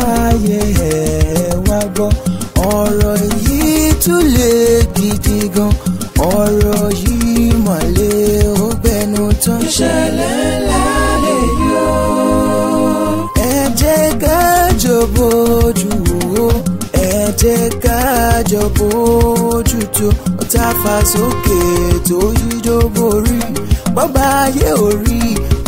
ayé ẹ̀ wá gbọ́ ọ̀rọ̀ yìí tún lè gidi gan ọ̀rọ̀ yìí mọ̀ lé ó gbẹnu tán. ìṣẹ̀lẹ̀ ńlá lè yọ. ẹ jẹ́ ká jọ̀bọ̀ ojú wo ẹ jẹ́ ká jọ̀bọ̀ ojú tó tá a sókè tó yíjó borí bọ́gbà ayé orí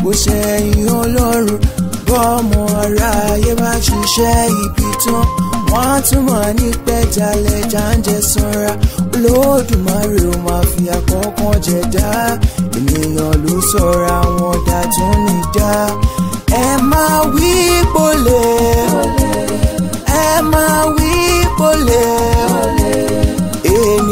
kò ṣẹ̀yìn ọlọ́run bọ́ọ̀mù ọ̀rọ̀ ayé bá ṣiṣẹ́ ibi tán wọ́n túmọ̀ ní pẹ́jálẹ̀ jáǹjẹ́ sanra olódùmarè ó máa fi àkọ́kàn jẹ̀dá ènìyàn ló sọ̀ra wọn dá tún níjà ẹ máa wí pọ̀lẹ́ ẹ máa wí pọ̀lẹ́ ènìyàn.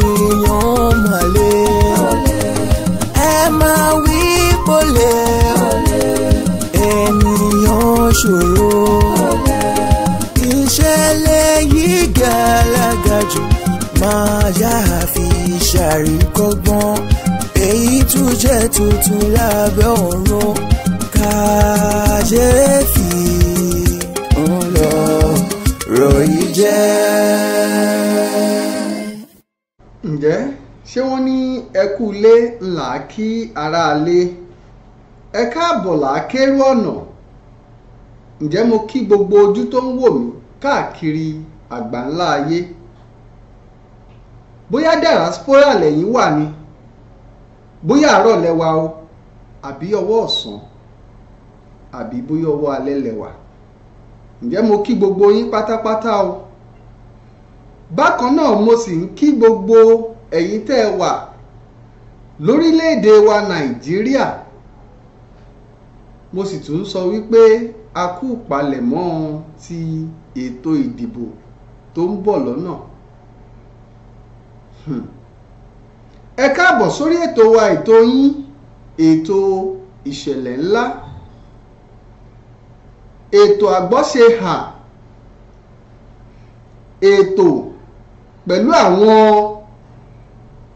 fi yáàfi kọ́gbọ́n èyí tún jẹ́ tuntun lábẹ́ ọ̀run kàyéfì ń lọ ròyìn jẹ́. ǹjẹ́ ṣé wọ́n ní ẹkú ilé ńlá kí aráalé ẹ káàbọ̀ là á kérú ọ̀nà ǹjẹ́ mo kí gbogbo ojú tó ń wò mí káàkiri àgbà ńlá ayé. bóyá diaspora lẹ́yìn wà ní bóyá àárọ̀ lẹ́wà o àbí ọwọ́ ọ̀sán àbí bóyá ọwọ́ alẹ́ lẹ́wà ǹjẹ́ mo kí gbogbo yín pátápátá o bákan náà mo sì ń kí gbogbo ẹ̀yin tẹ́ ẹ wà lórílẹ̀‐èdè wa nàìjíríà mo sì tún sọ wípé a kú palẹ̀mọ́ ti ètò ìdìbò tó ń bọ̀ lọ́nà. Hmm. ẹ káàbọ̀ sórí ètò wa ètò yín ètò ìṣẹ̀lẹ̀ ńlá ètò àgbọ́ṣe hà ètò pẹ̀lú àwọn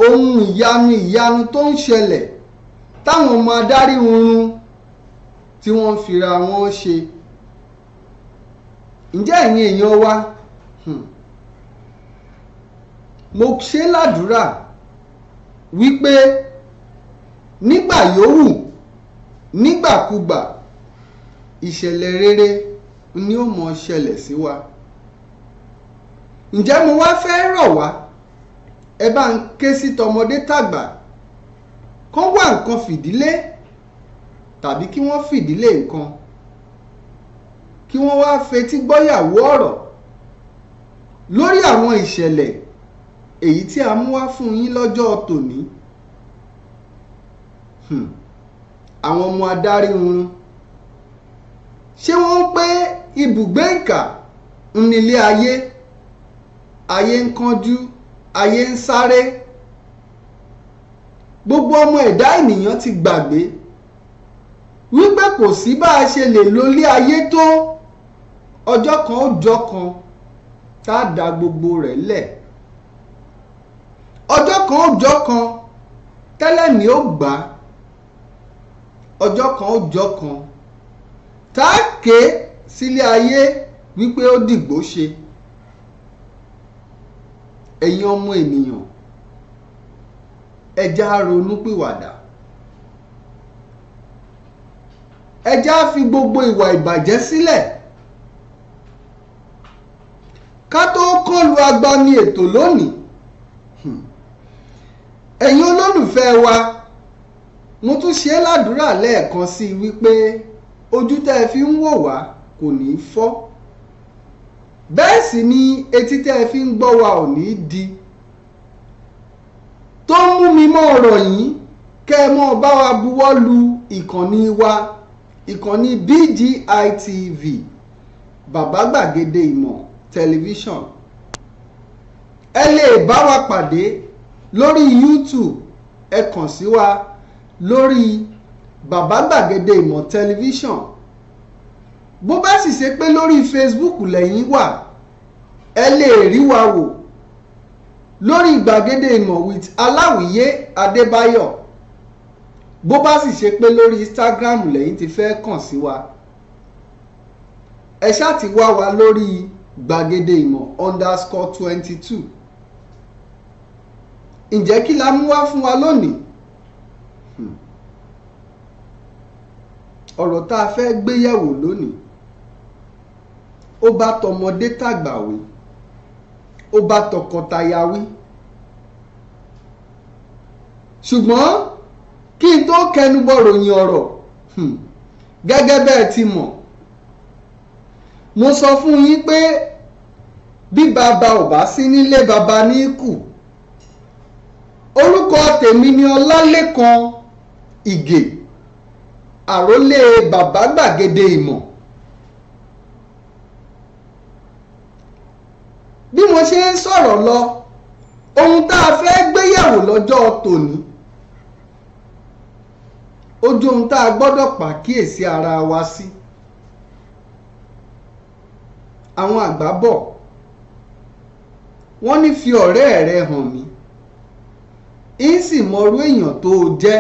ohun ìyanu ìyanu tó ń ṣẹlẹ̀ táwọn ọmọ adarí oorun tí wọ́n ń fira wọn ṣe ǹjẹ́ ẹ̀yin èèyàn wa. Hmm mo ṣe ládùúrà wípé nígbà yòówù nígbàkúgbà ìṣẹ̀lẹ̀ rere ni ó mọ ṣẹlẹ̀ sí wa ǹjẹ́ mo wá fẹ́ rọ̀ wá ẹ bá ń ké sí tọmọdé tàgbà kán wá nǹkan fìdílé tàbí kí wọ́n fìdílé nǹkan kí wọ́n wá fetí gbọ́yàwó ọ̀rọ̀ lórí àwọn ìṣẹ̀lẹ̀ èyí tí a mú wá fún yín lọ́jọ́ tòní hmm. àwọn ọmọ adarí wọn ṣé wọ́n ń pé ibùgbé ìkà nílé ayé ayé ń kánjú ayé ń sáré gbogbo ọmọ ẹ̀dá ènìyàn ti gbàgbé wípé kò sí bá a ṣe lè lólé ayé tó ọjọ́ kan ó jọ kan tá a dá gbogbo rẹ̀ lẹ̀ ọjọ́ kan ọjọ́ kan tẹ́lẹ̀ mi ó gbà á ọjọ́ kan ọjọ́ kan tá a ké sílé ayé wípé ó dìgbò ṣe ẹ̀yin ọmọ ènìyàn ẹja ronúpìwàdà ẹja fi gbogbo ìwà ìbàjẹ́ sílẹ̀ ká tó kọlu agbami ètò lónìí ẹ̀yin olólùfẹ́ wa mo tún ṣe é ládùúrà lẹ́ẹ̀kan sí i wípé ojú tẹ́ ẹ fi ń wò wá kò ní í fọ́ bẹ́ẹ̀ sì ni etí tẹ́ ẹ fi ń gbọ́ wa ò ní í di tó ń mú mi mọ́ ọ̀rọ̀ yìí kẹ́ ẹ mọ́ bá wa buwọ́ lu ìkànnì wa ìkànnì bgitv TV bàbá gbàgede ìmọ̀ tẹlifíṣàn ẹ lè bá wa pàdé lórí youtube ẹ kàn sí wa lórí bàbá gbàgede ìmọ̀ tẹlifíṣàn bó bá sì ṣe pé lórí facebook lẹ́yìn wà ẹ lè rí wa wò lórí gbàgede ìmọ̀ with aláwìyé adébáyọ̀ bó bá sì ṣe pé lórí instagram lẹ́yìn tí fẹ́ kàn sí wa ẹ ṣáà ti wá wa lórí gbàgede ìmọ̀ underscore twenty two ǹjẹ́ kí la mú wá fún wa lónìí hmm. ọ̀rọ̀ tá a fẹ́ gbéyẹ̀wò lónìí ó bá tọmọdé tàgbà wí ó bá tọkọtaya wí ṣùgbọ́n kí n tó kẹnubọ̀ ròyìn ọ̀rọ̀ hmm, gẹ́gẹ́ bẹ́ẹ̀ ti mọ̀ mo sọ fún yín pé bí bàbá ò bá sí nílé bàbá ní kù. orúkọ tèmi ni ọlálẹ́kan ìgè àrólé bàbá gbàgede ìmọ̀ bí mo ṣe ń sọ̀rọ̀ lọ ohun tá a fẹ́ gbéyàwó lọ́jọ́ tòní ojú ohun tá a gbọ́dọ̀ pàkíyèsí ara wa sí àwọn àgbà bọ̀ wọ́n ní fi ọ̀rẹ́ rẹ hàn mí ń sì mọrú èèyàn tó o jẹ́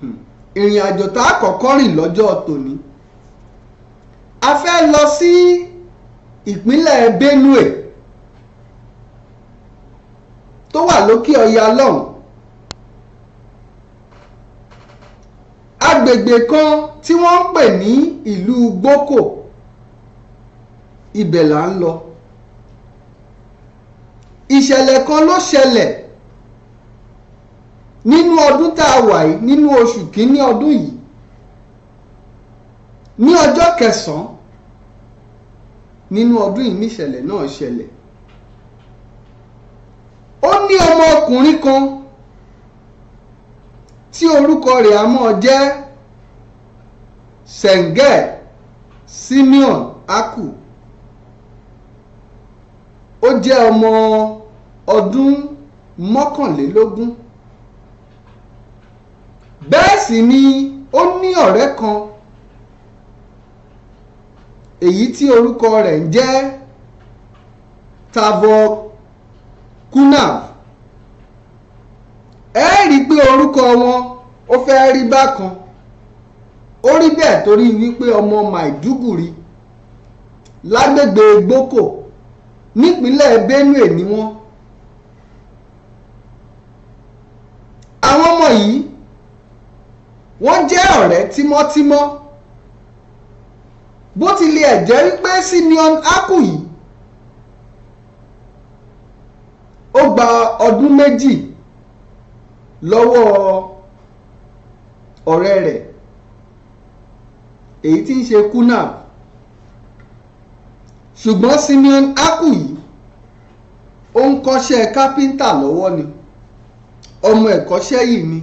hmm. ìrìn àjò tá a kọ́kọ́ rìn lọ́jọ́ tòní a fẹ́ lọ sí ìpínlẹ̀ Benue tó wà lókè ọya lọ́hùn agbègbè kan tí wọ́n ń pè ní ìlú Gboko ibẹ̀ là ń lọ ìṣẹ̀lẹ̀ kan ló ṣẹlẹ̀ nínú ọdún tá a wà yìí nínú oṣù kínní ọdún yìí ní ọjọ́ kẹsàn-án nínú ọdún yìí níṣẹ̀lẹ̀ náà ṣẹlẹ̀ ó ní ọmọ kan tí orúkọ rẹ̀ á mọ̀ jẹ́ Sengel Simeon Aku ó jẹ́ ọmọ ọdún mọ́kànlélógún bẹ́ẹ̀ sì ni ó ní ọ̀rẹ́ kan èyí tí orúkọ rẹ̀ ń jẹ́ Tavor Kunav ẹ rí i pé orúkọ wọn ó fẹ́ rí bákan ó rí bẹ́ẹ̀ torí wípé ọmọ Maiduguri lágbègbè Gboko nípínlẹ̀ Benue ni wọ́n wọ̀nyí wọ́n jẹ́ ọ̀rẹ́ tímọ́tímọ́ bó tilẹ̀ jẹ́ wípé Simeon Akuyi ó gba ọdún méjì lọ́wọ́ ọ̀rẹ́ rẹ̀ èyí tí ń ṣe Kunal ṣùgbọ́n Simeon Akuyi ó ń kọ́ṣẹ́ kápẹ́ńtà lọ́wọ́ ni ọmọ ẹ̀kọ́ṣẹ́ yìí ni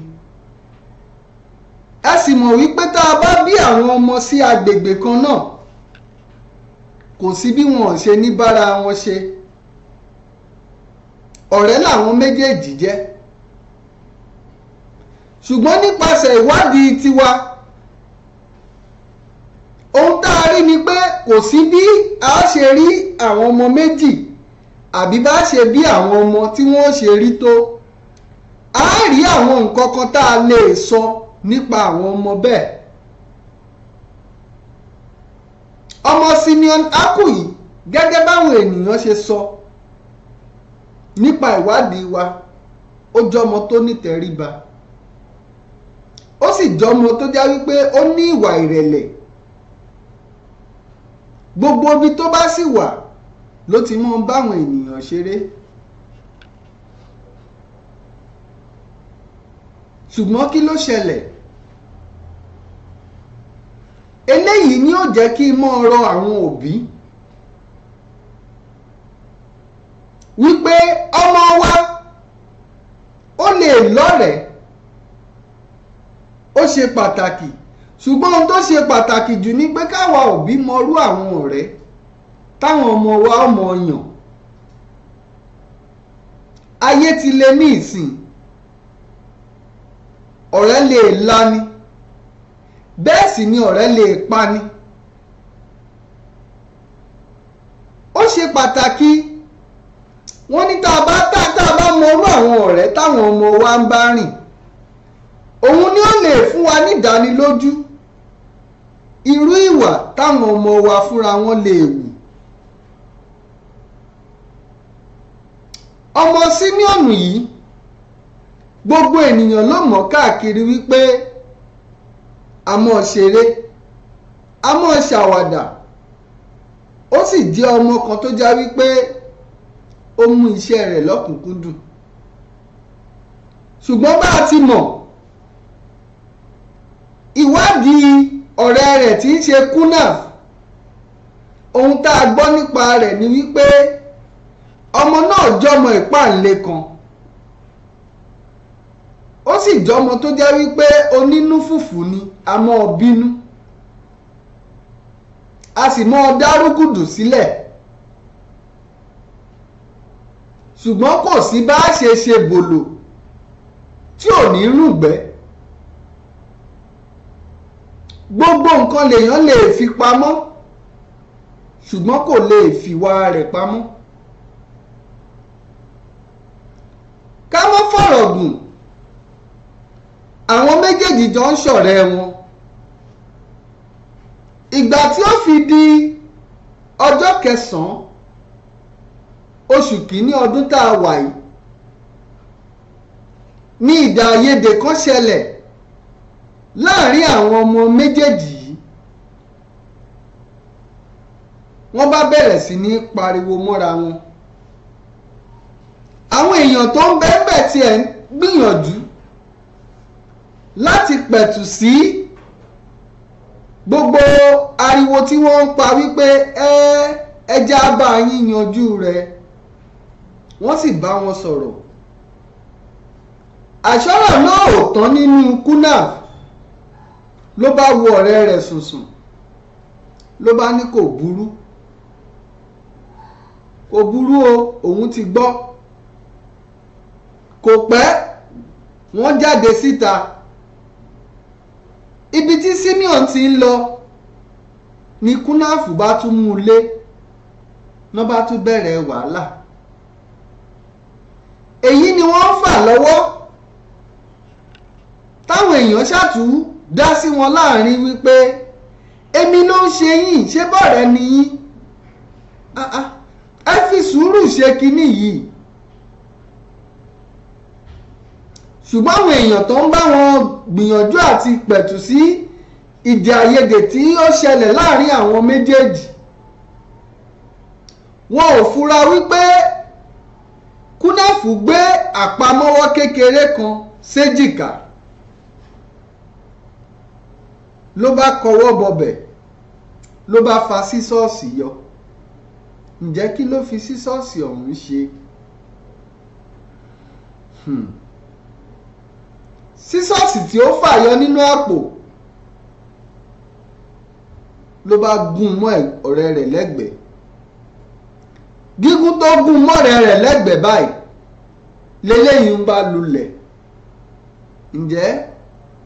ẹ sì mọ̀ wípé tá a bá bí àwọn ọmọ sí agbègbè kan náà kò sí bí wọn ṣe ní bára wọn ṣe ọ̀rẹ́ làwọn méjèèjì jẹ́ ṣùgbọ́n nípasẹ̀ ìwádìí tiwa ohun tá a rí ni pé kò sí bí a ṣe rí àwọn ọmọ méjì àbí bá ṣe bí àwọn ọmọ tí wọ́n ṣe rí tó rí àwọn nǹkan kan tá a lè sọ nípa àwọn ọmọ bẹ́ẹ̀ ọmọ Simeon Akwu gẹ́gẹ́ báwọn ènìyàn ṣe sọ nípa ìwádìí wa ó jọmọ tó nítẹríba ó sì jọmọ tó já wípé ó ní ìwà ìrẹ̀lẹ̀ gbogbo ibi tó bá sì wà ló ti mọ báwọn ènìyàn ṣeré. ṣùgbọ́n kí ló ṣẹlẹ̀ eléyìí ni ó jẹ́ kí n mọ́ rọ àwọn òbí wípé ọmọ wa ó lè lọ́rẹ̀ẹ́ ó ṣe pàtàkì ṣùgbọ́n ohun tó ṣe pàtàkì jù ni pé káwa òbí mọrú àwọn ọ̀rẹ́ táwọn ọmọ wa ọmọ yàn ayé ti le ní ìsìn ọ̀rẹ́ lè la ni bẹ́ẹ̀ sì ni ọ̀rẹ́ lè pa ni ó ṣe pàtàkì wọ́n ní tá a bá tá a bá mọ orú àwọn ọ̀rẹ́ táwọn ọmọ wa ń bá rìn òun ni ó lè fún wa ní ìdánilójú irú ìwà táwọn ọmọ wa fúnra wọn lè wù ọmọ sínú ọ̀nù yìí gbogbo ènìyàn ló mọ̀ káàkiri wípé a mọ̀ ṣeré a mọ̀ ṣàwàdà ó sì jẹ́ ọmọ kan tó já wípé ó mú iṣẹ́ rẹ̀ lọ́kùnkúndùn ṣùgbọ́n bá a ti mọ̀ ìwádìí ọ̀rẹ́ rẹ̀ tí í ṣe kunaf ohun tá a gbọ́ nípa rẹ̀ ni wípé ọmọ náà jọmọ ìpáǹle kan ó sì jọmọ tó jẹ́ wípé onínú fùfù ni a mọ́ ọ bínú a sì mọ́ ọ dárúgùdù sílẹ̀ ṣùgbọ́n kò sí bá a ṣe ṣe bòlò tí ò ní rúgbẹ́ gbogbo nǹkan lèèyàn lè fi pamọ́ ṣùgbọ́n kò lè fìwà rẹ̀ pamọ́ ká mọ́ fọ̀rọ̀ gùn àwọn méjèèjì jọ ń ṣọ̀rẹ́ wọn ìgbà tí ó fi di ọjọ́ kẹsàn-án oṣù kìíní ọdún tá a wà yìí ní ìdá àyedè kan ṣẹlẹ̀ láàrin àwọn ọmọ méjèèjì yìí wọ́n bá bẹ̀rẹ̀ sí ní pariwo mọ́ra wọn àwọn èèyàn tó ń bẹ́ẹ̀ bẹ́ẹ̀ tiẹ̀ gbìyànjú láti pẹ̀tù sí gbogbo ariwo tí wọ́n ń pa wípé ẹ ẹja bá yín yanjú rẹ̀ wọ́n sì bá wọn sọ̀rọ̀ àṣọ́rọ̀ náà ò tán nínú kunaf ló bá wo ọ̀rẹ́ rẹ̀ sùnsùn ló bá ní kò burú kò burú o òun ti gbọ́ kò pẹ́ wọ́n jáde síta. Si ibi tí Simeon ti ń lọ ni kúnáàfù bá tún mú un lé ná bá tún bẹ̀rẹ̀ wàhálà èyí ni wọ́n ń fà lọ́wọ́ táwọn èèyàn ṣàtú dá sí wọn láàrin wípé èmi ló ń ṣe yín ṣé bọ̀rẹ̀ ni yín ah, ah, ẹ fi sùúrù ṣe kinní yìí ṣùgbọ́n àwọn èèyàn tó ń bá wọn gbìyànjú àti pẹ̀tù sí ìdè àìyedè tí ó ṣẹlẹ̀ láàrin àwọn méjèèjì wọn ò fura wípé kúnáfù gbé àpamọ́wọ́ kékeré kan séjìká ló bá kọwọ́ bọbẹ̀ ló bá fa sísọ́ọ̀sì yọ ǹjẹ́ kí ló fi sísọ́ọ̀sì ọ̀hún ṣe? Hmm sísọ́ọ̀sì tí ó fàyọ nínú àpò ló bá gún mọ́ ọ̀rẹ́ rẹ̀ lẹ́gbẹ̀ẹ́ gígún tó gún mọ́rẹ́ rẹ̀ lẹ́gbẹ̀ẹ́ báyìí lélẹ́yìí ń bá lulẹ̀ ǹjẹ́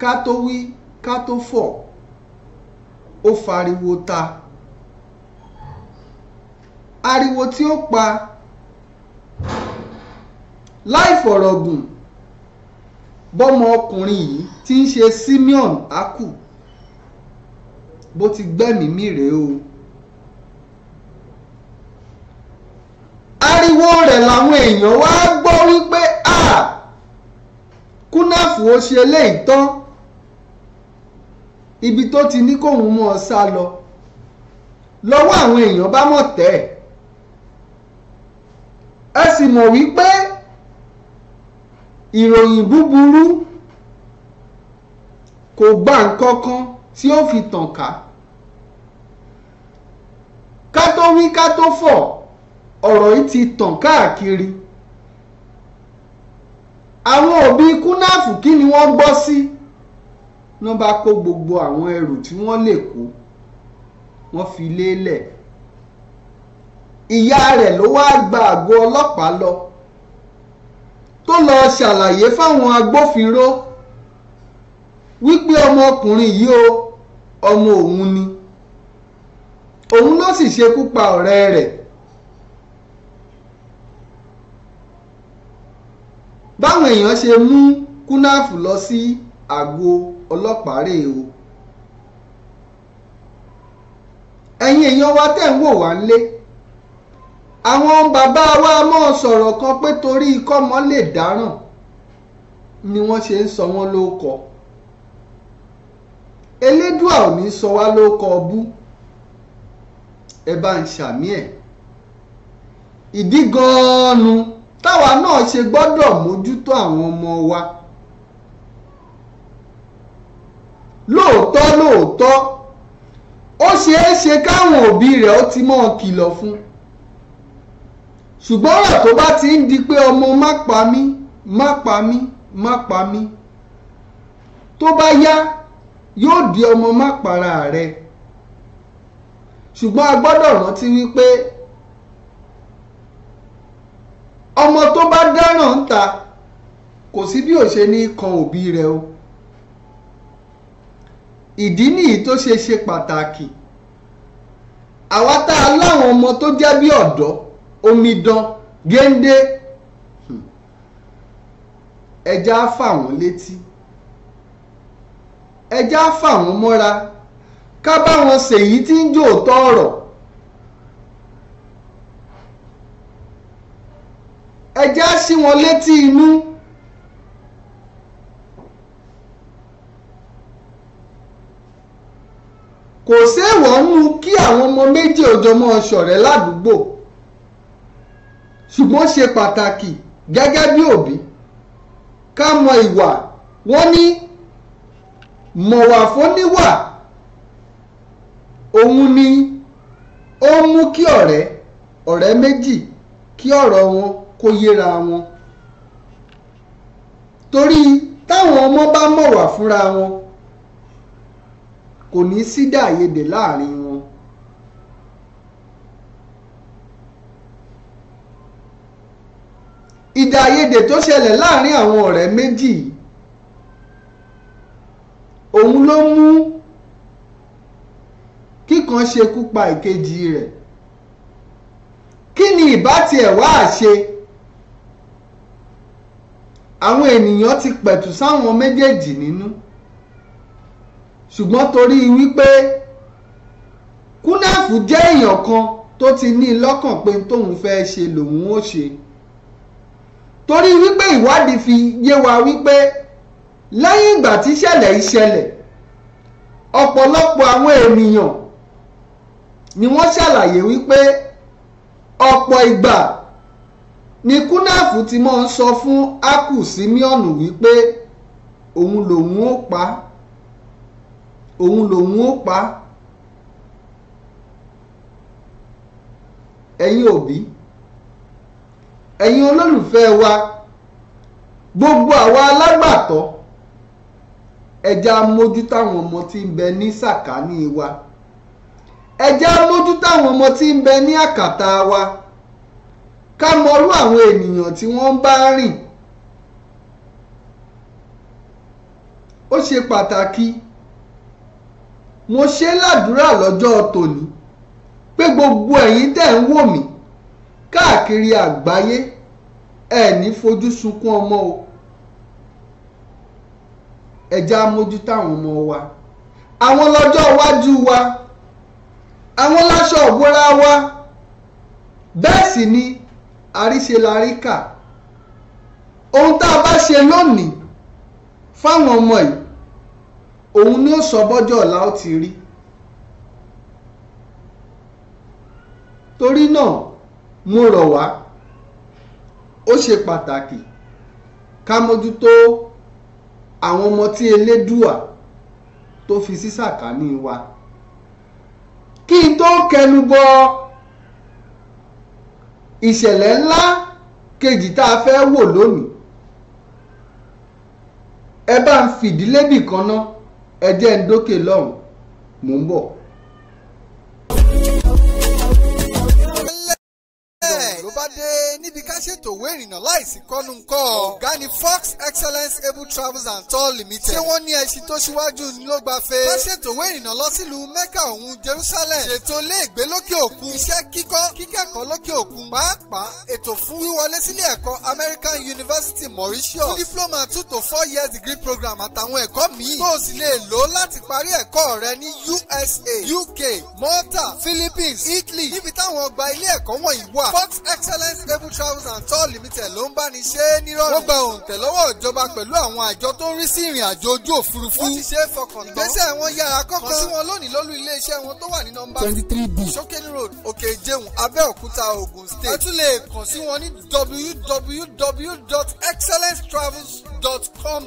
ká tó wí ká tó fọ̀ ó fariwo ta ariwo tí ó pa láì fọ̀rọ̀ gùn bọ́mọ ọkùnrin yìí tí ń ṣe Simeon Akwu bó ti gbẹ́mìí rèé o. ariwo rẹ̀ làwọn èèyàn wá gbọ́ wípé a Kunaf ó ṣe eléyìí tán ibi tó ti ní kóun mọ́ ọ sá lọ lọ́wọ́ àwọn èèyàn bá mọ̀ tẹ́ ẹ sì mọ̀ wípé ìròyìn búburú kò gba nǹkan kan tí ó fi tàn ká ká tó wí ká tó fọ̀ ọ̀rọ̀ yìí ti tàn káàkiri àwọn òbí kúnáàfù kí ni wọ́n gbọ́ sí wọ́n bá kó gbogbo àwọn ẹrù tí wọ́n lè kó wọ́n fi lélẹ̀ ìyá rẹ̀ ló wáá gba àgọ́ ọlọ́pàá lọ tó lọ ṣàlàyé fáwọn agbófinró wípé ọmọkùnrin yìí o ọmọ òun ni òun ló sì ṣekú pa ọ̀rẹ́ rẹ̀ báwọn èèyàn ṣe mú kúnáàfù lọ sí àgọ́ ọlọ́pàá rèé o ẹ̀yin èèyàn wa tẹ̀ ń wò wá nílé àwọn bàbá wa mọ̀ sọ̀rọ̀ kan pé torí kọ́mọ lè dáràn ni wọ́n ṣe ń sọ wọ́n lóko elédùà ò ní sọ wá lóko ọbú ẹ bá ń ṣàmì ẹ̀ ìdí gan-an táwa náà ṣe gbọ́dọ̀ mójútó àwọn ọmọ wa lóòótọ́ lóòótọ́ ó ṣeé ṣe káwọn òbí rẹ̀ ó ti mọ́ ọ kìlọ̀ fún un ṣùgbọ́n ọ̀rọ̀ tó bá ti ń di pé ọmọ má pa mí má pa mí má pa mí tó bá yá yóò di ọmọ má para rẹ ṣùgbọ́n a gbọ́dọ̀ rántí wípé ọmọ tó bá dáràn ń ta kò sí bí ò ṣe ní kan òbí rẹ o ìdí nìyí tó ṣe ṣe pàtàkì àwa tá a láwọn ọmọ tó jẹ́ bí ọ̀dọ́ omidan géńdé hmm. ẹja á fà wọ́n létí ẹja á fà wọ́n mọ́ra ká bá wọn ṣèyí tí ń jò tọ́ọ̀rọ̀ ẹja á sí wọn létí inú. kò séèwọ̀ ń mú kí àwọn ọmọ méjì òjọmọ́ ṣọ̀rẹ́ ládùúgbò ṣùgbọ́n ṣe pàtàkì gẹ́gẹ́ bí òbí ká mọ ìwà wọ́n ní mọ̀wà fóníwà òun ni ó mú kí ọ̀rẹ́ ọ̀rẹ́ méjì kí ọ̀rọ̀ wọn kó yéra wọn torí táwọn ọmọ bá mọ̀wà fúnra wọn kò ní sí dàyédè láàrin ìdá àyèdè tó ṣẹlẹ̀ láàrin àwọn ọ̀rẹ́ méjì òun ló mú kíkan ṣekú pa ìkejì rẹ̀ kí ni ìbá tiẹ̀ wá àṣe àwọn ènìyàn ti pẹ̀tù sáwọn méjèèjì nínú ṣùgbọ́n torí wípé Kúnáfù jẹ́ èèyàn kan tó ti ní lọ́kàn pé tóun fẹ́ ṣe lòun ó ṣe. Lo torí wípé ìwádìí fi yé wa wípé lẹ́yìn ìgbà tí ìṣẹ̀lẹ̀ ìṣẹ̀lẹ̀ ọ̀pọ̀lọpọ̀ àwọn ènìyàn ni wọ́n ṣàlàyé wípé ọ̀pọ̀ ìgbà ni kúnáàfù ti máa ń sọ fún ákù símíọ̀nù wípé òun lòun ó pa òun lòun ó pa ẹ̀yin òbí. E ẹ̀yin olólùfẹ́ wa gbogbo àwa alágbàtọ́ ẹja mójútó àwọn ọmọ tí ń bẹ ní sàkání wa ẹja mójútó àwọn ọmọ tí ń bẹ ní àkàtà wa ká mọrú àwọn ènìyàn tí wọ́n bá rìn ó ṣe pàtàkì mo ṣe ládùúrà lọ́jọ́ tòní pé gbogbo ẹ̀yin tẹ́ ń wò mí káàkiri àgbáyé ẹ ní fojú sunkún ọmọ o ẹ já mójútó àwọn ọmọ wa àwọn lọ́jọ́ iwájú wa àwọn láṣọ òbúra wa bẹ́ẹ̀ sì ni àríṣe la rí kà ohun tá a bá ṣe lónìí fáwọn ọmọ yìí òun ni ó sọ bọ́jọ́ ọ̀la ó ti rí torí náà mo rọ̀ wá ó ṣe pàtàkì ká mójútó àwọn ọmọ tí elédùà tó fi sí sàkání wa kí n tó kẹnu bọ ìṣẹ̀lẹ̀ ńlá kejì tá a fẹ́ wò lónìí ẹ bá ń fìdílé bì ná ẹ jẹ́ ń dókè lọ́hùn mò ń bọ̀. tòwé ìrìnnà láìsí kọ́nu ńkọ́. ọ̀gá ni Fox Excellence Able Travels and Tour Limited. ṣé wọ́n ní ẹṣin tó ṣíwájú ni ló gba fe. wọ́n ṣètòwé ìrìnnà lọ sílùú Mecca òun Jerusalem. ṣètò iléègbé lókè òkun. iṣẹ́ kíkọ́ kíkẹ́kọ̀ọ́ lókè òkun. pàápàá ètò fún wíwọlé sílé ẹ̀kọ́ American University Mauritius. fún diploma two to four years degree program àtàwọn ẹ̀kọ́ míì. tó o sì lè lò láti parí ẹ̀kọ́ rẹ ní USA, UK, Malta, Philippines, Italy níbi táwọn ọgbà ilé ẹ̀kọ́ wọ̀nyí wà. Fox Excellence Able Travels and Tour Travel Limited ló ń bá ní ṣe é nírọ̀rùn. wọ́n gba òǹtẹ̀ lọ́wọ́ ìjọba pẹ̀lú àwọn àjọ tó ń rí sí ìrìn àjò ojú òfurufú. wọ́n ti ṣe é fọkàn tán. ìgbésẹ̀ wọn yára kọ́kọ́. kàn sí wọn lónìí lólú iléeṣẹ́ wọn tó wà ní nọ́mbà. twenty three b Sokeni road òkè ìjẹun Abẹ́òkúta Ògùn state. ẹ tún lè kàn sí wọn ní www.excellencetravels.com.pa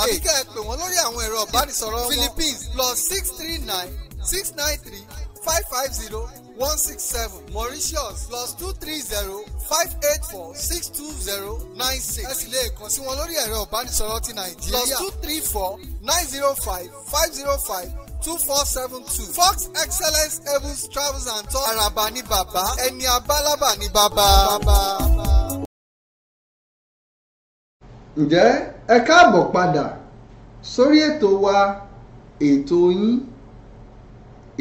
tàbí kẹ́ ẹ pè wọ́n lórí àwọn ẹ̀rọ ìbánisọ̀rọ̀ wọn Philippines plus six three nine six nine three five five zero one six seven Mauritius plus two three zero five eight four six two zero nine six. ẹ sì lè kàn sí wọn lórí ẹ̀rọ ìbánisọ̀rọ̀ ti Nàìjíríà plus two three four nine zero five five zero five two four seven two Fox Excellence Evans Travels and Tours araba ní bàbá ẹni abálábà ní bàbá. ǹjẹ́ ẹ káàbọ̀ padà sórí ètò wa ètò yín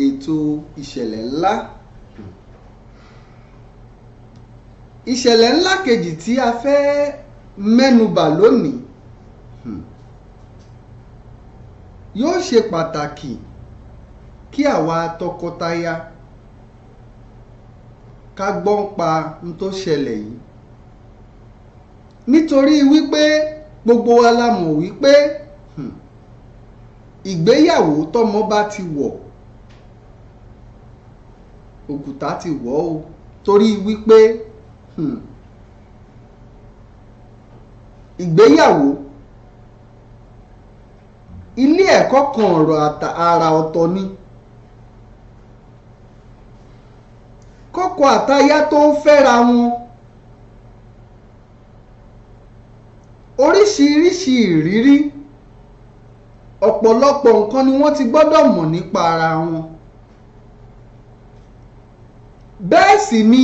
ètò ìṣẹ̀lẹ̀ ńlá ìṣẹ̀lẹ̀ ńlá kejì tí a fẹ́ mẹ́nubà lónìí hmm, yóò ṣe pàtàkì kí àwa tọkọtaya ká gbọ́n pa n tó ṣẹlẹ̀ yìí nítorí wípé gbogbo wa la mọ̀ wípé hmm, ìgbéyàwó tọmọba bá ti wọ̀ òkúta ti wọ̀ o torí wípé hmm, ìgbéyàwó ilé ẹ̀kọ́ kan ọ̀rọ̀ àrà ọ̀tọ̀ ni kọ́kọ àtayá tó ń fẹ́ra wọn oríṣiríṣi ìrírí ọ̀pọ̀lọpọ̀ nǹkan ni wọ́n ti gbọ́dọ̀ mọ̀ nípa ara wọn. bẹ́ẹ̀ sì ni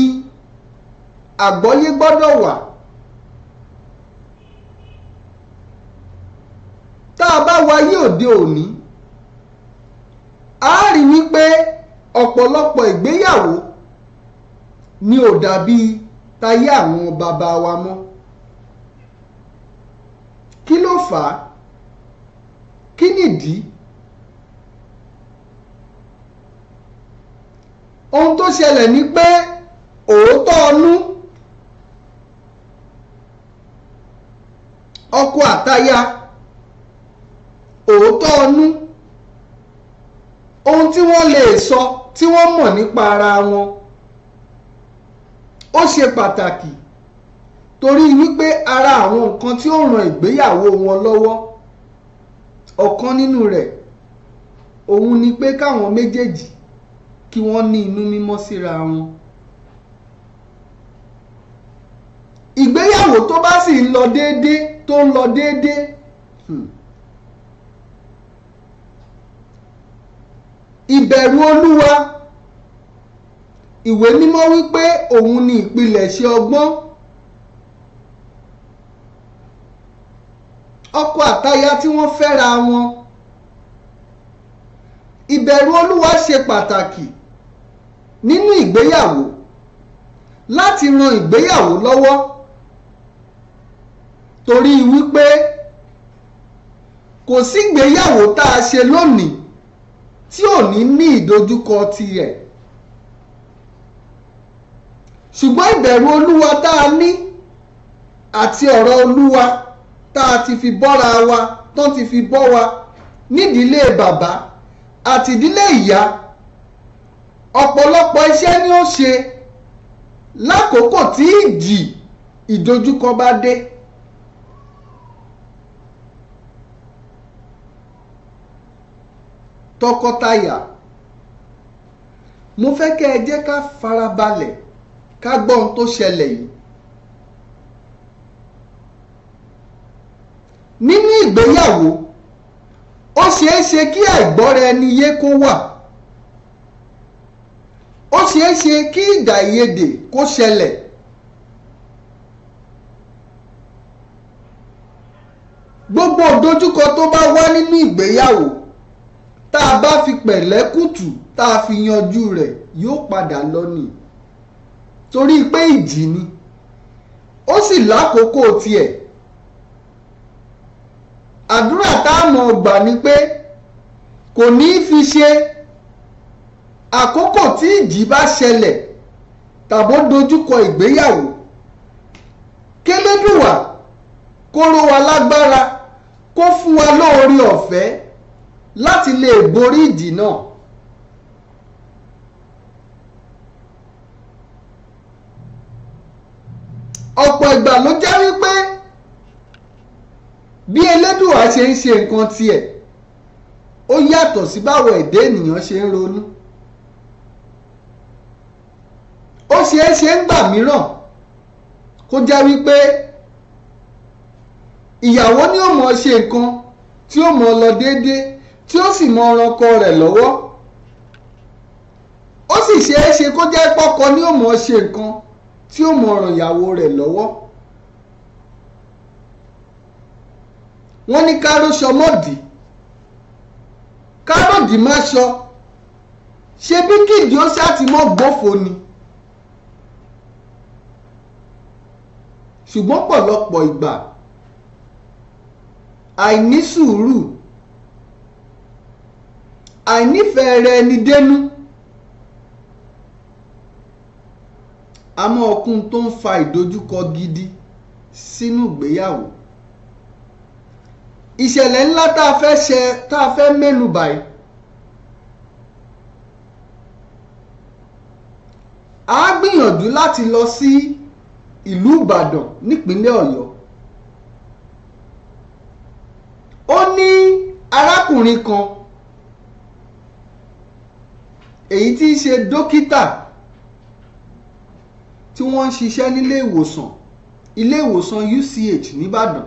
àgbọ́yé gbọ́dọ̀ wà tá a bá wáyé òde òní a rí wípé ọ̀pọ̀lọpọ̀ ìgbéyàwó ni ò dàbí tayé àwọn bàbá wa mọ́ kí ló fà á kí nìdí ohun tó ṣẹlẹ̀ ni pé òótọ́ ọnú ọkọ àtaya òótọ́ ọnú ohun tí wọ́n lè sọ tí wọ́n mọ̀ nípa ara wọn ó ṣe pàtàkì torí wípé ara àwọn nǹkan tí ó ran ìgbéyàwó wọn lọ́wọ́ ọ̀kan nínú rẹ̀ òun ni pé káwọn méjèèjì kí wọ́n ní inú mímọ́ síra wọn. ìgbéyàwó tó bá sì ń lọ déédé tó ń lọ déédé hmm. ìbẹ̀rù olúwa ìwé mímọ́ wípé òun ni ìpilẹ̀ṣẹ̀ ọgbọ́n. ọkọ àtaya tí wọ́n fẹ́ra wọn ìbẹ̀rù olúwa ṣe pàtàkì nínú ìgbéyàwó láti ran ìgbéyàwó lọ́wọ́ torí wípé kò sígbéyàwó tá a ṣe lónìí tí ò ní ní ìdojúkọ tiẹ̀ ṣùgbọ́n ìbẹ̀rù olúwa tá a ní àti ọ̀rọ̀ olúwa tá a ti fi bọ́ra wa tán ti fi bọ́ wa nídìílé bàbá àtìdílé ìyá ọ̀pọ̀lọpọ̀ iṣẹ́ ni ó ṣe lákòókò tí ìjì ìdojúkọ bá dé. tọkọtaya mo fẹ́ kẹ́ ẹ jẹ́ ká farabalẹ̀ ká gbọ́ ohun tó ṣẹlẹ̀ yìí. nínú ìgbéyàwó ó ṣeé ṣe kí àìgbọ́ra ẹni yé kó wà ó ṣeé ṣe kí ìdà ìyedè kó ṣẹlẹ̀ gbogbo ìdojúkọ tó bá wá nínú ìgbéyàwó tá a bá fi pẹ̀lẹ́kùtù tá a fi yanjú rẹ̀ yóò padà lọ nì torí pé ìjì ni ó sì lákòókò tiẹ̀ àdúrà táwọn ọgbà ni pé kò ní í fi ṣe àkókò tí ìjì bá ṣẹlẹ̀ tàbó dojúkọ ìgbéyàwó kélédùwà kó ró wa lágbára kó fún wa lóore ọ̀fẹ́ láti lè borí ìjì náà. ọ̀pọ̀ ìgbà ló jẹ́ wípé bí elédùwà ṣe ń ṣe nǹkan tiẹ̀ ó yàtọ̀ sí báwo ẹ̀dá ènìyàn ṣe ń ronú. ṣe é ṣe ń gbà mìíràn kó jẹ́ wípé ìyàwó ni ó mọ̀ ṣe nǹkan tí ó mọ̀ lọ déédéé tí ó sì mọ̀ ọ̀rànkọ rẹ̀ lọ́wọ́ ó sì ṣe é ṣe kó jẹ́ pọ́kọ ni ó mọ̀ ṣe nǹkan tí ó mọ̀ ràn ìyàwó rẹ̀ lọ́wọ́ wọ́n ní kárọ́ṣọ mọ́dì kárọ́dì má ṣọ ṣe bí kíjì ó ṣàtìmọ́ gbófo ni ṣùgbọ́n pọ̀lọpọ̀ ìgbà àìní sùúrù àìnífẹ̀ẹ́ rẹ ni dénú àmọ́ ọkùn tó ń fa ìdojúkọ gidi sínú ìgbéyàwó ìṣẹ̀lẹ̀ ńlá tá a fẹ́ ṣe tá a fẹ́ mẹ́nu báyìí a gbìyànjú láti lọ sí. Si ìlú Ìbàdàn nípínlẹ̀ Ọ̀yọ́ ó ní arákùnrin kan èyí tí í ṣe dókítà tí wọ́n ń ṣiṣẹ́ nílé ìwòsàn ilé ìwòsàn UCH nìbàdàn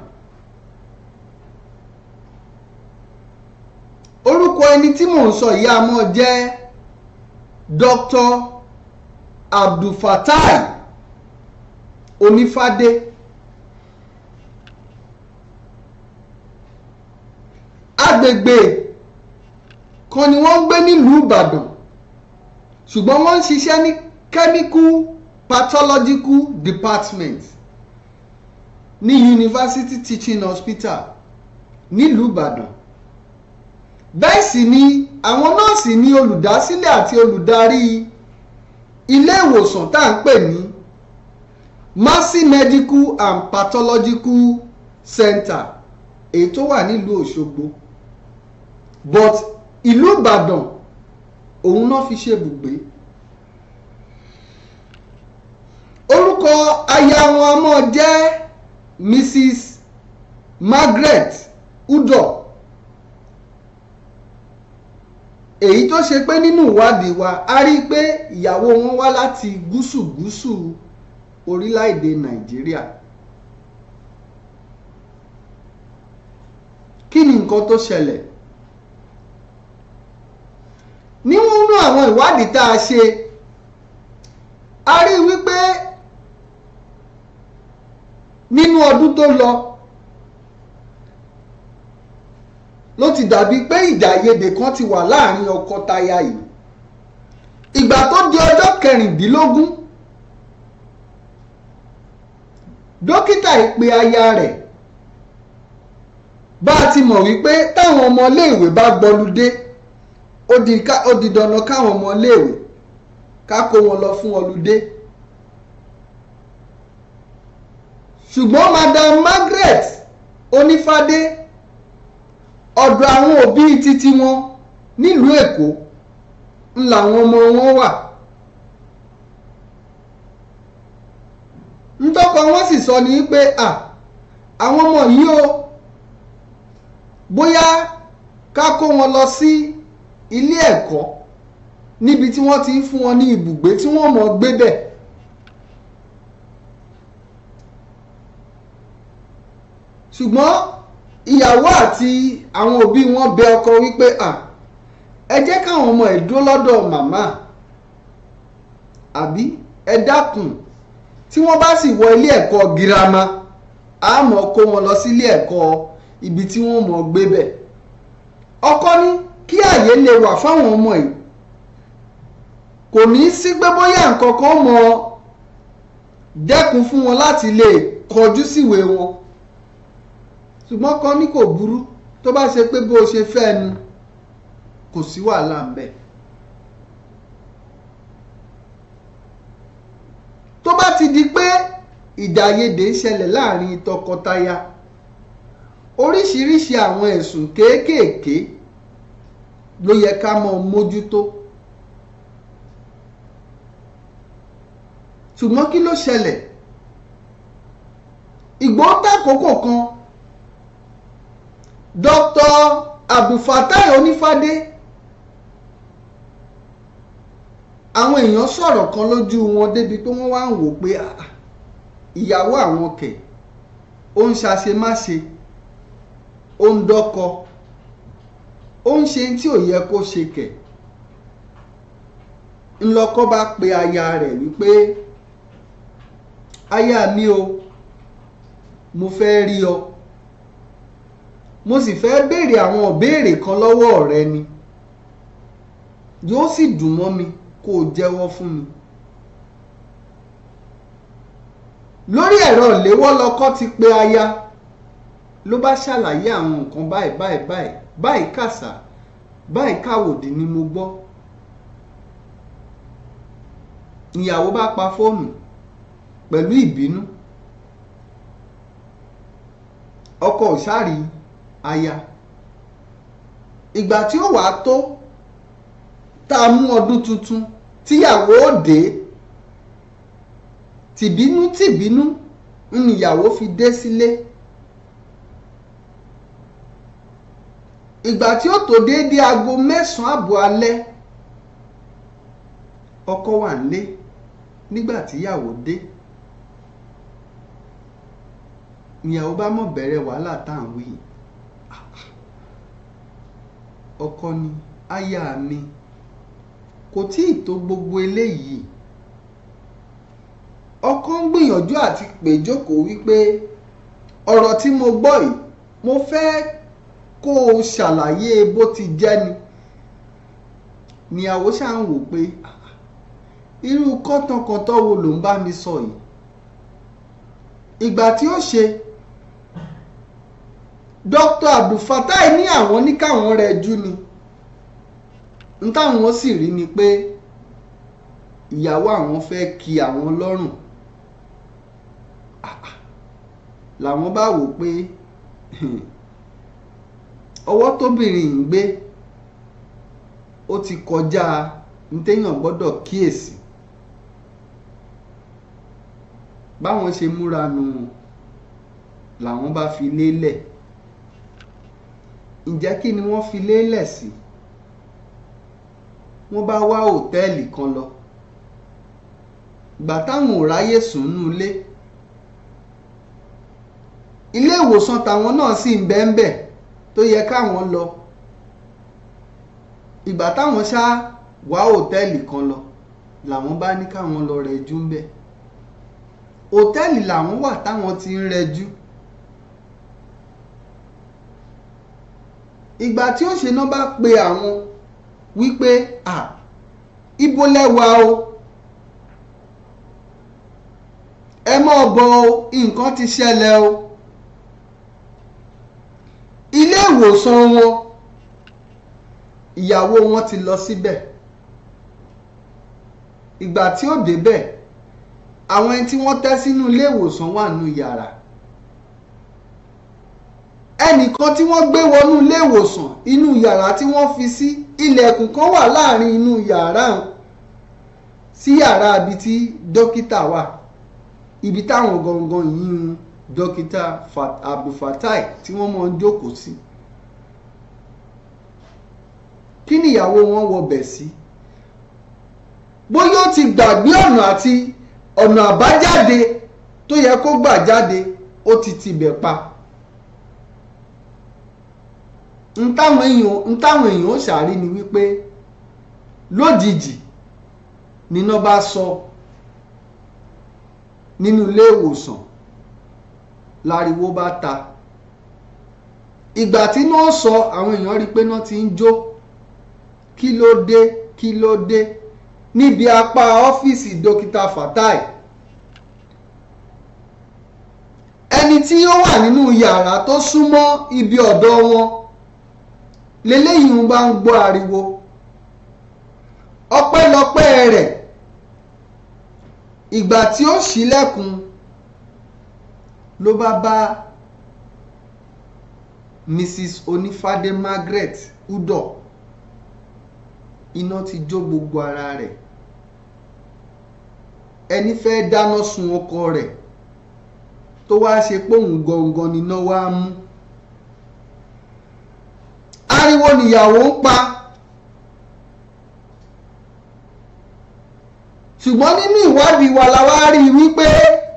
orúkọ ẹni tí mò ń sọ yìí a mọ̀ jẹ́ Dr. Abdulfatai onífádé agbègbè kan ni wọ́n ń gbé nílùú Ìbàdàn ṣùgbọ́n wọ́n ń ṣiṣẹ́ ní chemical pathological department ní university teaching hospital nílùú Ìbàdàn bẹ́ẹ̀ sì ni àwọn nọ́ọ̀sì ni olùdásílẹ̀ àti olùdarí ilé ìwòsàn tá à ń pè ní mercy medical and pathological center èyí tó wà nílùú Òṣogbo but ìlú Ìbàdàn òun náà fi ṣe bùgbé orúkọ aya wọn a máa Mrs. Margaret Udo èyí tó ṣe pé nínú ìwádìí wa a rí i pé ìyàwó wọn wá láti gúúsù gúúsù orílẹ̀-èdè nàìjíríà kí ni nǹkan tó ṣẹlẹ̀ nínú àwọn ìwádìí tá a ṣe a rí wípé nínú ọdún tó lọ ló ti dàbí pé ìjà àìyedè kan ti wà láàrin ọkọ-taya yìí ìgbà tó di ọjọ́ kẹrìndínlógún dókítà ìpè aya rẹ̀ bá a ti mọ̀ wípé táwọn ọmọléèwé bá gbọ́ludé ó di dandan káwọn ọmọléèwé ká kó wọn lọ fún ọludé ṣùgbọ́n madam Margaret onífádé ọ̀dọ̀ àwọn òbí títí wọn nílùú Èkó ń làwọn ọmọ wọn wà. ntọ́kọ wọn sì sọ ní pé à àwọn ọmọ yìí o bóyá ká kó wọn lọ sí ilé ẹ̀kọ́ níbi tí wọ́n ti ń fún wọn ní ibùgbé tí wọ́n mọ̀ gbé bẹ̀. ṣùgbọ́n ìyàwó àti àwọn òbí wọn bẹ ọkọ wípé à ẹ jẹ́ káwọn ọmọ ẹ̀ dúró lọ́dọ̀ màmá àbí ẹ dákun tí wọ́n bá sì wọ ilé ẹ̀kọ́ girama a mọ̀ kó wọn lọ sí ilé ẹ̀kọ́ ibi tí wọ́n mọ̀ gbé bẹ̀ ọkọ ní kí àyè lè wà fáwọn ọmọ yìí kò ní í sí pé bóyá nǹkan kan mọ dẹ́kun fún wọn láti lè kọjú síwèé wọn ṣùgbọ́n kan ní kò burú tó bá ṣe pé bó o ṣe fẹ́ nu kò sí wàhálà ń bẹ̀. tó bá ti di pé ìdàyedè ń ṣẹlẹ̀ láàrin tọkọtaya oríṣiríṣi àwọn ẹ̀sùn kéékèèké ló yẹ ká mọ mójútó ṣùgbọ́n kí ló ṣẹlẹ̀ Ìgbòho tàkókò kan Dr. Abdulfatai Onífádé àwọn èèyàn sọ̀rọ̀ kan lójú wọn débi pé wọ́n wá ń wò pé ah, ah, ìyàwó àwọn kẹ̀ ó ń ṣàṣemáṣe ó ń dọ́kọ ó ń ṣe tí ò yẹ kó ṣe kẹ̀ ńlọkọ bá pe aya rẹ̀ wípé aya mi o mo fẹ́ rí ọ mo sì fẹ́ béèrè àwọn ìbéèrè kan lọ́wọ́ rẹ ni yóò sì dùn mọ́ mi. Si kó o jẹ́wọ́ fún mi. lórí ẹ̀rọ ìléwọ́ lọ́kọ́ ti pe aya ló bá ṣàlàyé àwọn nǹkan báyìí báyìí báyìí báyìí kàṣà báyìí káwòdì ni mo gbọ́. ìyàwó bá pa fóònù pẹ̀lú ìbínú ọkọ òṣàrí aya ìgbà tí ó wàá tó tá a mú ọdún tuntun tíyàwó òde tìbínú tìbínú níyàwó fi dé sílé ìgbà tí ó tó déédéé aago mẹ́sàn-án àbọ̀ alẹ́ ọkọ wà nílé nígbà tíyàwó dé níyàwó bá mọ̀ bẹ̀rẹ̀ wàhálà tá à ń wí ọkọ ni aya mi kò tí ì tó gbogbo eléyìí ọkọ ń gbìyànjú àti pè jókòó wípé ọ̀rọ̀ tí mo gbọ́ yìí mo fẹ́ kó o ṣàlàyé bó ti jẹ́ ni níyàwó ṣáà ń wò pé irú kọ́tọ̀kọ́tọ̀ wo ló ń bá mi sọ yìí ìgbà tí ó ṣe Dr. Abdulfatai ní àwọn ní káwọn rẹ̀ ni n táwọn sì rí ni pé ìyàwó àwọn fẹ́ kí àwọn lọ́rùn làwọn bá wò pé ọwọ́ tóbìnrin ń gbé ó ti kọjá ntẹ́yàn gbọ́dọ̀ kíyèsí báwọn ṣe múra nù làwọn bá fi lélẹ̀ ǹjẹ́ kí ni wọ́n fi lélẹ̀ sí? Si? wọ́n bá wá òtẹ́ẹ̀lì kan lọ ìgbà táwọn ò ráyè sùn nù ilé ilé ìwòsàn táwọn náà sì ń bẹ́ńbẹ́ tó yẹ káwọn lọ ìgbà táwọn ṣá wá òtẹ́ẹ̀lì kan lọ làwọn bá ní káwọn lọ rẹjú ń bẹ̀ òtẹ́ẹ̀lì làwọn wà táwọn ti ń rẹjú. ìgbà tí òṣèlú bá pe àwọn wípé à ibo lẹ́wà o ẹ mọ̀ bọ̀ o nǹkan ti ṣẹlẹ̀ o ilé ìwòsàn wọn ìyàwó wọn ti lọ síbẹ̀ ìgbà tí ó débẹ̀ àwọn ẹni tí wọ́n tẹ́ sínú ilé ìwòsàn wà nù yàrá ẹnìkan tí wọ́n gbé wọnú ilé ìwòsàn inú yàrá tí wọ́n fi sí ilẹ̀kùn kan wà láàrin inú yàrá sí yàrá ibi tí dókítà wà ibi táwọn gangan yìí ń dókítà abdulfatai tí wọ́n mọ̀ ń jókòó sí kí nìyàwó wọn wọbẹ̀ sí bóyá ó ti gbàgbé ọ̀nà àti ọ̀nà àbájáde tó yẹ kó gbà jáde ó ti tibẹ̀ pa ntáwọn èèyàn ó ṣàrí ni wípé lójijì níná bá sọ nínú ilé ìwòsàn láriwo bá ta ìgbà tí náà sọ àwọn èèyàn rí i pé náà ti ń jó kí ló dé kí ló dé níbi apá ọ́fíìsì dókítà Fatai ẹni tí ó wà nínú yàrá tó súnmọ́ ibi ọ̀dọ̀ wọn leléyìí ń bá ń gbọ́ ariwo ọpẹ́lọpẹ́ rẹ̀ ìgbà tí ó ṣílẹ̀kùn ló bá bá Mrs. Onífádé Margaret Udo iná ti jó gbogbo ara rẹ̀ ẹni fẹ́ dáná sun ọkọ rẹ̀ tó wáá ṣe pé òun gangan níná wàá mú ariwo nìyàwó ń pa ṣùgbọ́n nínú ìwádìí wa la wá rí i wípé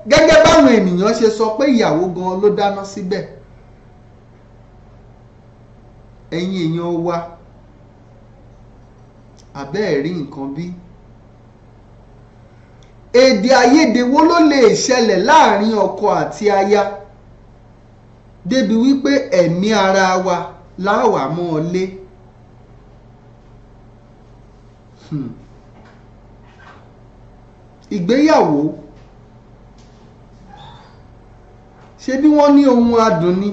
gẹ́gẹ́ báwọn ènìyàn ṣe sọ pé ìyàwó gan ló dáná síbẹ̀ ẹ̀yin èèyàn wa àbẹ́ ẹ̀ rí nǹkan bí èdè àìyedè wo ló lè ṣẹlẹ̀ láàrin ọkọ àti aya débi wípé ẹ̀mí ara wa. E láwà mọ́ ọ lé hmm. ìgbéyàwó ṣe bí wọ́n ní ohun adùn ni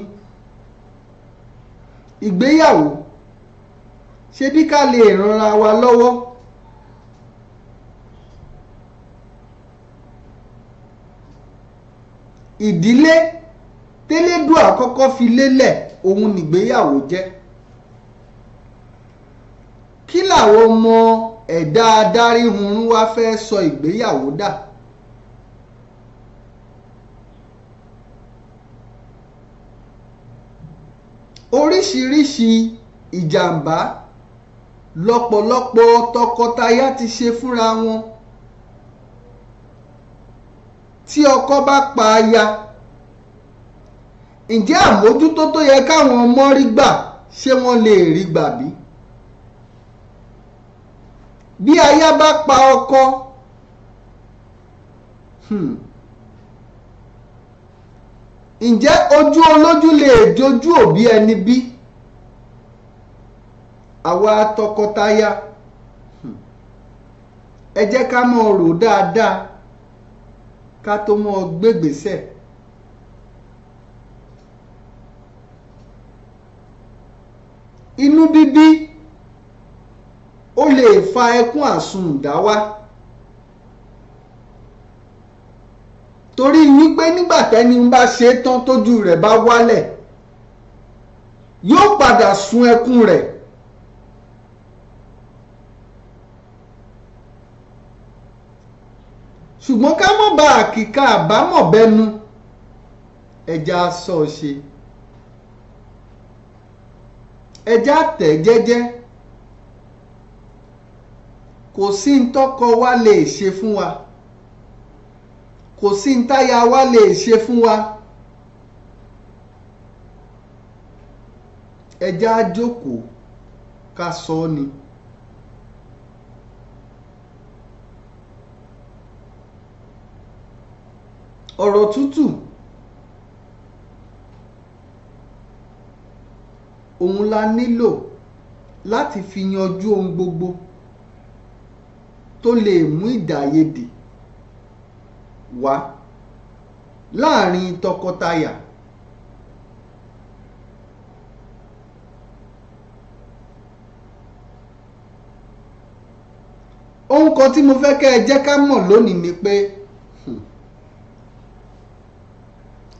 ìgbéyàwó ṣe bí ká lè rànra wa lọ́wọ́ ìdílé tẹ́lẹ́dùà kọ́kọ́ fi lélẹ̀ òun nìgbéyàwó jẹ́ kí làwọn ọmọ ẹ̀dá adáríhunrún wá fẹ́ sọ ìgbéyàwó dà oríṣiríṣi ìjàmbá lọ́pọ̀lọpọ̀ tọkọtaya ti ṣe fúnra wọn tí ọkọ bá pa aya ǹjẹ́ àmójútó tó yẹ káwọn ọmọ rí gbà ṣé wọ́n lè rí gbà bí? bí aya bá pa ọkọ hmm, ǹjẹ́ ojú olójú lè dojú òbí ẹni bí? àwa tọkọtaya hmm, ẹ jẹ́ ká mọ̀ rò dáadáa ká tó mọ̀ gbégbèsè. inú bíbí ó lè fa ẹkún àsundàwá torí wípé nígbà tẹ́ni bá ṣe tán tójú rẹ̀ bá wálẹ̀ yóò padà sun ẹkún rẹ̀ ṣùgbọ́n ká mọ̀ bá àkìkà àbámọ̀ bẹnu ẹja sọ ṣe. So ẹjá tẹ̀ jẹ́jẹ́ kò sí ní tọ́kọ wa lè ṣe fún wa kò sí ní táyà wa lè ṣe wa ẹjá jókòó ká sọ ọ́ ni. ọ̀rọ̀ tútù òun la nílò láti fi yanjú ohun gbogbo tó lè mú ìdààyèdè wá láàrin tọkọtaya ohun kan tí mo fẹ́ kẹ́ ẹ jẹ́ ká mọ̀ lónìí ni pé hmm,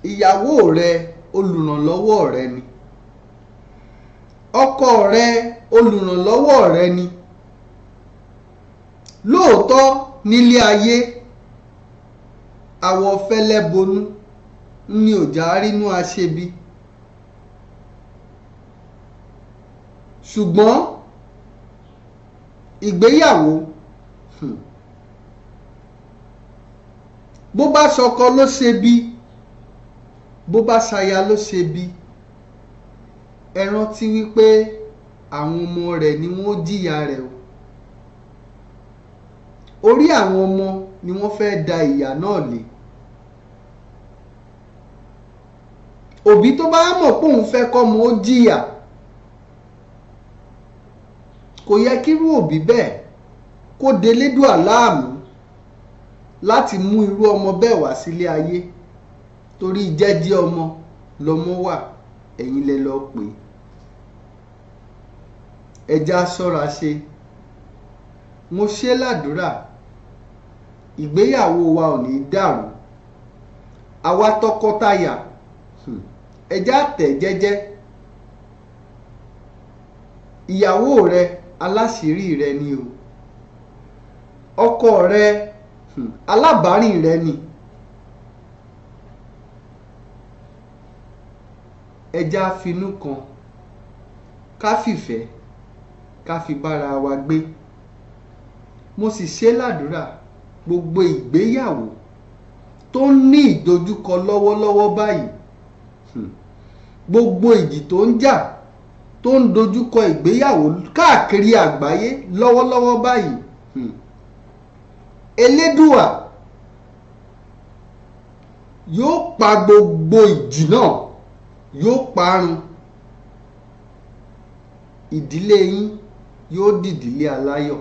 ìyàwó ni. ọkọ rẹ olùrànlọ́wọ́ rẹ ni lóòótọ́ nílé ayé àwọ̀ fẹ́lẹ́ bonú ni òjá rínú aṣebi ṣùgbọ́n ìgbéyàwó hmm, bó bá ṣọkọ ló ṣe bí bó bá ṣaya ló ṣe bí. ẹ rántí wípé àwọn ọmọ rẹ̀ ni wọ́n jìyà rẹ̀ o orí àwọn ọmọ ni wọ́n fẹ́ da ìyà náà lé òbí tó bá mọ̀ pé òun fẹ́ kọ́mọ ó jìyà kò yẹ kírú òbí bẹ́ẹ̀ kó delédùà láàmú láti mú irú ọmọ bẹ́ẹ̀ wá sílé ayé torí jẹ́jẹ́ ọmọ lọmọ wà ẹ̀yin lẹ lọ pè é. ẹja ṣọ́ra ṣe mo ṣe ládùúrà ìgbéyàwó wa ò ní dàrú àwa tọkọtaya hmm. ẹja tẹ̀ jẹ́jẹ́ ìyàwó rẹ aláṣírí rẹ ni o ọkọ rẹ hmm, alábàárìn rẹ ni ẹja finú kan ká ká fi bára wa gbé mo sì ṣe ládùúrà gbogbo ìgbéyàwó tó ń ní ìdojúkọ lọ́wọ́lọ́wọ́ báyìí hmm, gbogbo ìjì tó ń jà tó ń dojúkọ ìgbéyàwó káàkiri àgbáyé lọ́wọ́lọ́wọ́ báyìí hmm, elédùà yóò pa gbogbo ìjì náà yóò parun ìdílé yín yóò dìdílé aláyọ̀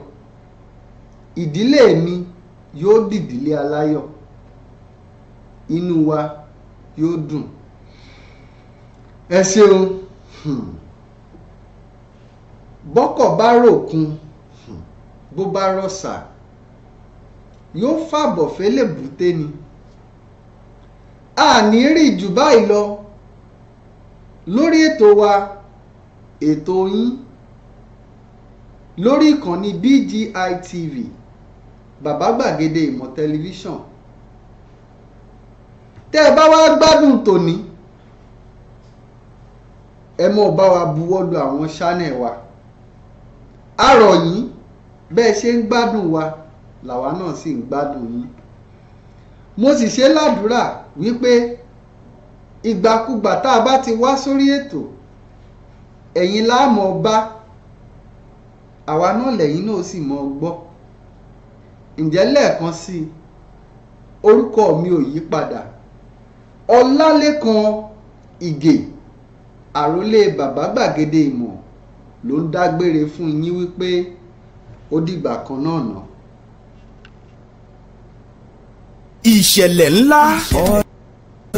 ìdílé mi yóò dìdílé aláyọ̀ inú wa yóò dùn ẹ ṣeun hmm. bọ́kọ̀ bá ròkun hmm, bó bá rọ̀ṣà yóò fàbọ̀ fẹ́lẹ̀ bùté ni a ní rí jù báyìí lọ lórí ètò wa ètò yín lórí ìkànnì BGI TV bàbá gbàgede ìmọ̀ tẹlifíṣàn tẹ́ ẹ bá wá gbádùn tòní ẹ mọ̀ bá wa buwọ́lu àwọn ṣánẹ̀ wa a rọ̀ bẹ́ẹ̀ ṣe ń gbádùn wa làwa náà sì ń gbádùn yín mo sì ṣe ládùúrà wípé ìgbàkúgbà tá a bá ti wá sórí ètò ẹ̀yin la mọ̀ àwa náà lẹ́yìn náà sì mọ́ ọ gbọ́ ǹjẹ́ lẹ́ẹ̀kan sí orúkọ mi ò yí padà ọlálékan ìgè àròlé bàbá gbàgede ìmọ̀ ló ń dágbére fún yín wípé ó dìgbà kan náà nà. ìṣẹ̀lẹ̀ ńlá.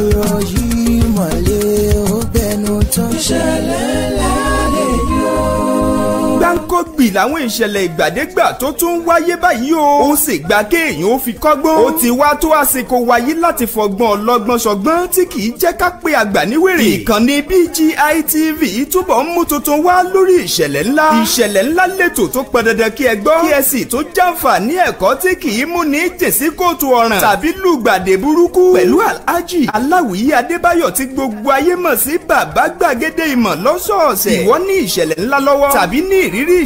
ọ̀rọ̀ yìí mọ̀lẹ́ ó bẹnu tán. ìṣẹ̀lẹ̀ ńlá lè yọ gbì làwọn ìṣẹ̀lẹ̀ ìgbàdégbà tó tún ń wáyé báyìí o. ó sì gba kéèyàn ó fi kọ́gbọ́n. ó ti wá tó àsìkò wáyé láti fọgbọ́n ọlọ́gbọ́n ṣọgbọ́n tí kì í jẹ́ ká pé àgbà níwèrè. ìkànnì BGI TV túbọ̀ ń mú tuntun wá lórí ìṣẹ̀lẹ̀ ńlá. ìṣẹ̀lẹ̀ ńlá lètò tó pọn dandan kí ẹ gbọ́. kí ẹ sì tó jàǹfààní ẹ̀kọ́ tí kì í mú ní jèsí kóòtù ọ̀ràn. tàbí lùgbàdé burúkú. pẹ̀lú alhaji aláwìyí adébáyọ̀ tí gbogbo ayé mọ̀ sí bàbá gbàgede ìmọ̀ lọ́sọ̀ọ̀sẹ̀. ìwọ ní ìṣẹ̀lẹ̀ ńlá lọ́wọ́. tàbí ní ìrírí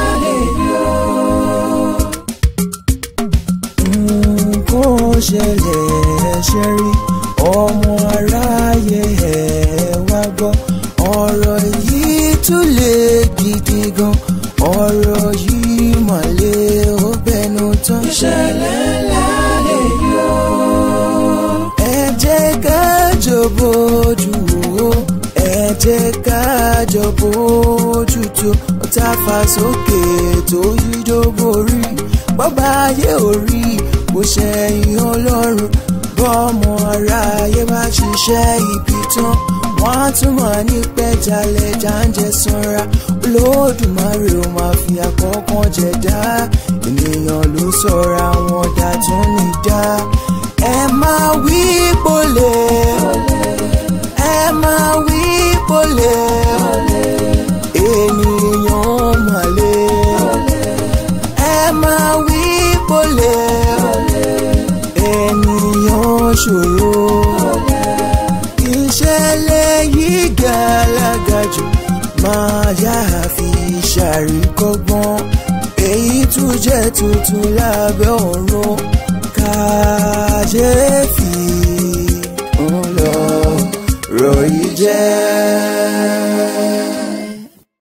ṣẹlẹ̀ ẹ ṣe rí ọmọ aráyé ẹ wá gbọ́ ọ̀rọ̀ yìí tún lè gidi gan ọ̀rọ̀ yìí mà lè ó bẹnu tán. ìṣẹ̀lẹ̀ ńlá lè yọ. ẹ ká jọ̀bọ̀ ojú wo ẹ ká jọ̀bọ̀ ojú tó tá a fà sókè tó yí dó borí bọ́ba ayé ò rí i bó ṣẹ̀yìn ọlọ́run bọ́ọ̀mù aráyé bá ṣiṣẹ́ ibi tán wọ́n á tún máa ní pẹ́jálẹ̀ jáǹjẹ́ sanra olódùmarè ó máa fi àkọ́kàn jẹ dá ènìyàn ló sọra wọn dá tún ní dá ẹ máa wí pọ̀lẹ́ ẹ máa wí pọ̀lẹ́. ṣòro ìṣẹ̀lẹ̀ yìí gàlágà jù máa yá àfi ṣàríkọ́gbọ́n èyí tún jẹ́ tuntun lábẹ́ ọ̀run kàyéfì ńlọrọ̀ yìí jẹ́.